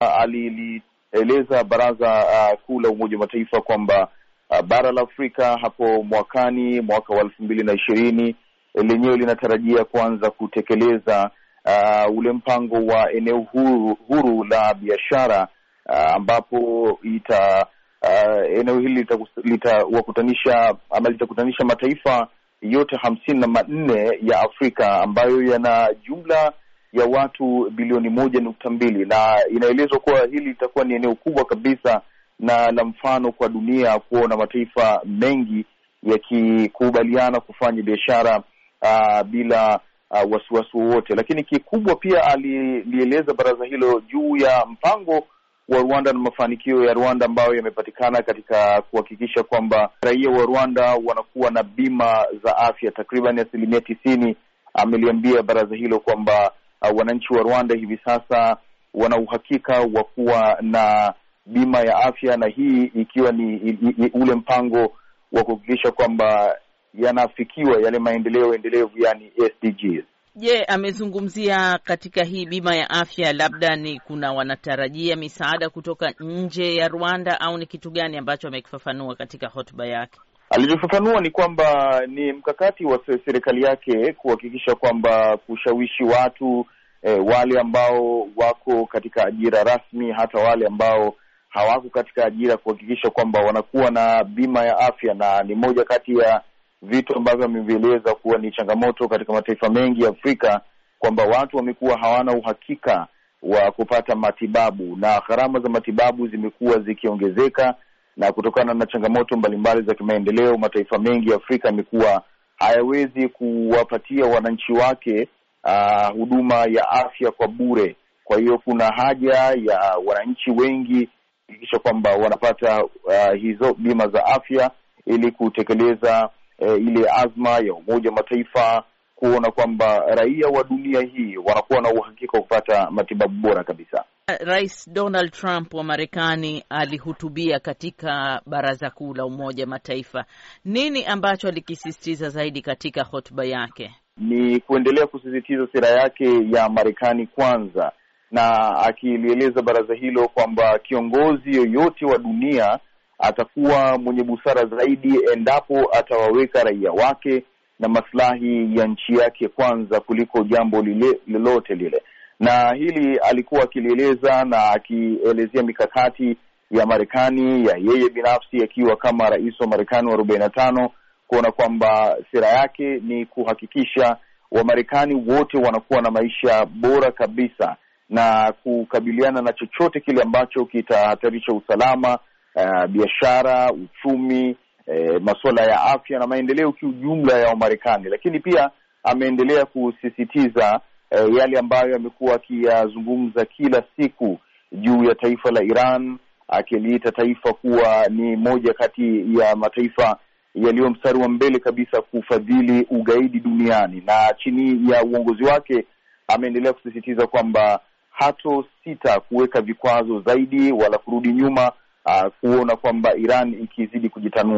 alilieleza baraza uh, kuu la Umoja wa Mataifa kwamba uh, bara la Afrika hapo mwakani, mwaka wa elfu mbili na ishirini lenyewe linatarajia kuanza kutekeleza uh, ule mpango wa eneo huru, huru la biashara uh, ambapo ita uh, eneo hili litawakutanisha ama litakutanisha mataifa yote hamsini na manne ya Afrika ambayo yana jumla ya watu bilioni moja nukta mbili na inaelezwa kuwa hili litakuwa ni eneo kubwa kabisa na la mfano kwa dunia kuona mataifa mengi yakikubaliana kufanya biashara uh, bila uh, wasiwasi wowote. Lakini kikubwa pia alilieleza baraza hilo juu ya mpango wa Rwanda na mafanikio ya Rwanda ambayo yamepatikana katika kuhakikisha kwamba raia wa Rwanda wanakuwa na bima za afya takriban asilimia tisini. Ameliambia baraza hilo kwamba uh, wananchi wa Rwanda hivi sasa wana uhakika wa kuwa na bima ya afya, na hii ikiwa ni, i, i, ule mpango wa kuhakikisha kwamba yanafikiwa yale maendeleo endelevu, yani SDGs. Je, yeah, amezungumzia katika hii bima ya afya, labda ni kuna wanatarajia misaada kutoka nje ya Rwanda au ni kitu gani ambacho amekifafanua katika hotuba yake? Alivyofafanua ni kwamba ni mkakati wa serikali yake kuhakikisha kwamba kushawishi watu e, wale ambao wako katika ajira rasmi, hata wale ambao hawako katika ajira, kuhakikisha kwamba wanakuwa na bima ya afya, na ni moja kati ya vitu ambavyo amevieleza kuwa ni changamoto katika mataifa mengi ya Afrika kwamba watu wamekuwa hawana uhakika wa kupata matibabu na gharama za matibabu zimekuwa zikiongezeka na kutokana na changamoto mbalimbali za kimaendeleo, mataifa mengi ya Afrika yamekuwa hayawezi kuwapatia wananchi wake uh, huduma ya afya kwa bure. Kwa hiyo kuna haja ya wananchi wengi kuhakikisha kwamba wanapata uh, hizo bima za afya ili kutekeleza uh, ile azma ya Umoja wa Mataifa kuona kwamba raia wa dunia hii wanakuwa na uhakika wa kupata matibabu bora kabisa. Rais Donald Trump wa Marekani alihutubia katika Baraza Kuu la Umoja Mataifa. Nini ambacho alikisisitiza zaidi katika hotuba yake? Ni kuendelea kusisitiza sera yake ya Marekani kwanza, na akilieleza baraza hilo kwamba kiongozi yoyote wa dunia atakuwa mwenye busara zaidi endapo atawaweka raia wake na maslahi ya nchi yake kwanza kuliko jambo lile lolote lile na hili alikuwa akilieleza na akielezea mikakati ya Marekani ya yeye binafsi akiwa kama rais wa Marekani wa arobaini na tano kuona kwamba sera yake ni kuhakikisha Wamarekani wote wanakuwa na maisha bora kabisa na kukabiliana na chochote kile ambacho kitahatarisha usalama, uh, biashara, uchumi, eh, masuala ya afya na maendeleo kiujumla ya Wamarekani. Lakini pia ameendelea kusisitiza eh, yale ambayo amekuwa akiyazungumza kila siku juu ya taifa la Iran, akiliita taifa kuwa ni moja kati ya mataifa yaliyo mstari wa mbele kabisa kufadhili ugaidi duniani. Na chini ya uongozi wake ameendelea kusisitiza kwamba hato sita kuweka vikwazo zaidi wala kurudi nyuma, uh, kuona kwamba Iran ikizidi kujitanua.